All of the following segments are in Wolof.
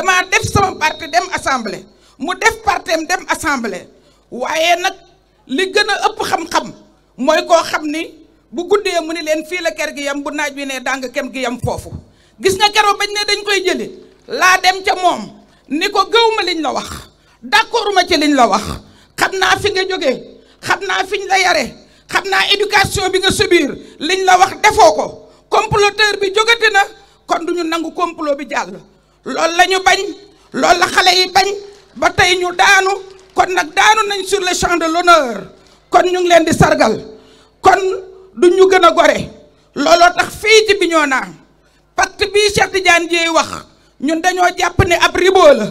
damaa def sama parti dem assemblée mu def partem dem assemblée waaye nag li gën a ëpp xam-xam mooy koo xam ni bu guddee mu ni leen fii la ker gi yam bu naaj wi ne dàng kem gi yam foofu gis nga keroog bañ ne dañ koy jëli laa dem ca moom ni ko gëw ma liñ la wax d'accord ma ci liñ la wax xam naa fi nga jógee xam naa fiñ la yare xam naa éducation bi nga subir liñ la wax defoo ko comploteur bi jógati na kon duñu nangu complot bi jàll lool la ñu bañ loolu la xale yi bañ ba tey ñu daanu kon nag daanu nañ sur le champ l'honneur kon ñu ngi leen di sargal kon du ñu gën a gore looloo tax fii ci Bignona pacte bii Cheikh Tidiane Dièye wax ñun dañoo jàpp ne ab ribot la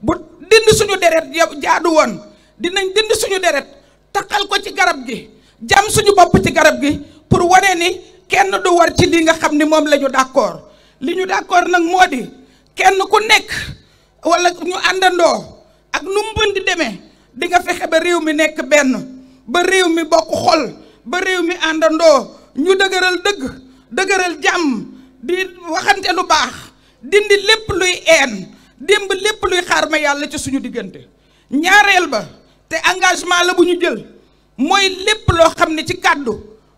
bu dind suñu deret jaadu woon dinañ dind suñu deret taqal ko ci garab gi jam suñu bopp ci garab gi pour wane ni kenn du war ci lii nga xam ni moom lañu ñu d'accord li ñu d'accord nag moo di kenn ku nekk wala ñu àndandoo ak nu mu mën di demee di nga fexe ba réew mi nekk benn ba réew mi bokk xol ba réew mi àndandoo ñu dëgëral dëgg dëgëral jàmm di waxante lu baax dindi lépp luy een démb lépp luy xaar ma yàlla ci suñu diggante ñaareel ba te engagement la bu ñu jël mooy lépp loo xam ne ci kàddu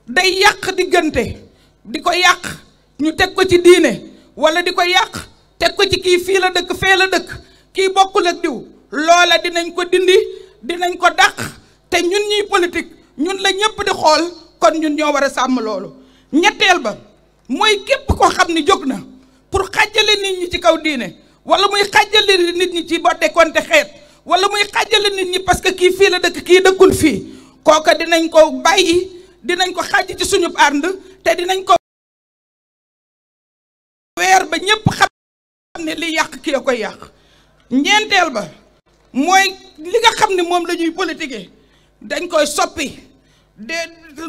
day yàq diggante di ko yàq ñu teg ko ci diine wala di ko yàq teg ko ci kii fii la dëkk fee la dëkk kii bokkul ak diw loola dinañ ko dindi dinañ ko dàq te ñun ñuy politique ñun la ñëpp di xool kon ñun ñoo war a sàmm loolu ñetteel ba mooy képp koo xam ni jóg na pour xàjjale nit ñi ci kaw diine wala muy xàjjale nit ñi ci botte konte xeet wala muy xàjjale nit ñi parce que kii fii la dëkk kii dëkkul fii kooka dinañ ko bàyyi dinañ ko xàjj ci suñub ànd te dinañ ko xam ne li yàq kii koy yàq ñeenteel ba mooy li nga xam ne moom la ñuy dañ koy soppi de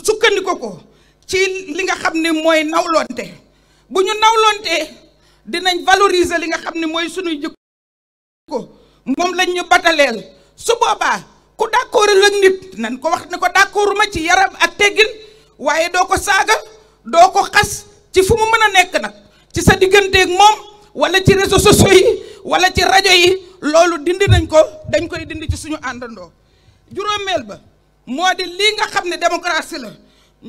sukkandiku ko ci li nga xam ne mooy nawlonte bu ñu nawlontee dinañ valoriser li nga xam ne mooy suñuy jikko moom lañ ñu bataleel su boobaa ku d'accordul ak nit nañ ko wax ne ko d'accordu ma ci yaram ak teggin waaye doo ko saaga doo ko xas ci fu mu mën a nekk nag ci sa digganteeg moom wala ci réseaux sociaux yi wala ci rajo yi loolu dind nañ ko dañ koy dind ci suñu àndandoo juróomeel ba moo di lii nga xam ne démocratie la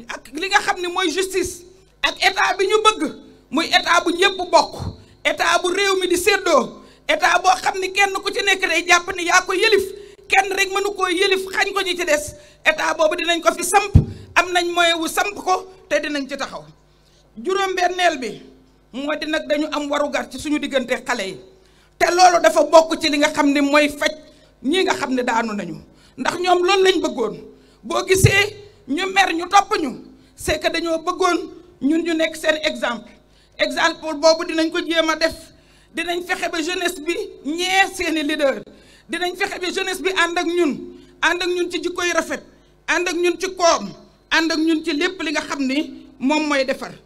ak li nga xam ne mooy justice ak état bi ñu bëgg muy état bu ñëpp bokk état bu réew mi di seddoo état boo xam ni kenn ku ci nekk day jàpp ni yaa ko yëlif kenn rek mënu koo yëlif xañ ko ñu ci des état boobu dinañ ko fi samp am nañ moyen wu samp ko te dinañ ci taxaw juróom-benneel bi moo di nag dañu am warugar ci suñu diggante xale yi te loolu dafa bokk ci li nga xam ne mooy faj ñii nga xam ne daanu nañu ndax ñoom loolu lañ bëggoon boo gisee ñu mer ñu topp ñu que dañoo bëggoon ñun ñu nekk seen exemple exemple boobu dinañ ko jéem a def dinañ fexe ba jeunesse bi ñee seeni leader dinañ fexe ba jeunesse bi ànd ak ñun ànd ak ñun ci jikko yu rafet ànd ak ñun ci koom ànd ak ñun ci lépp li nga xam ni moom mooy defar.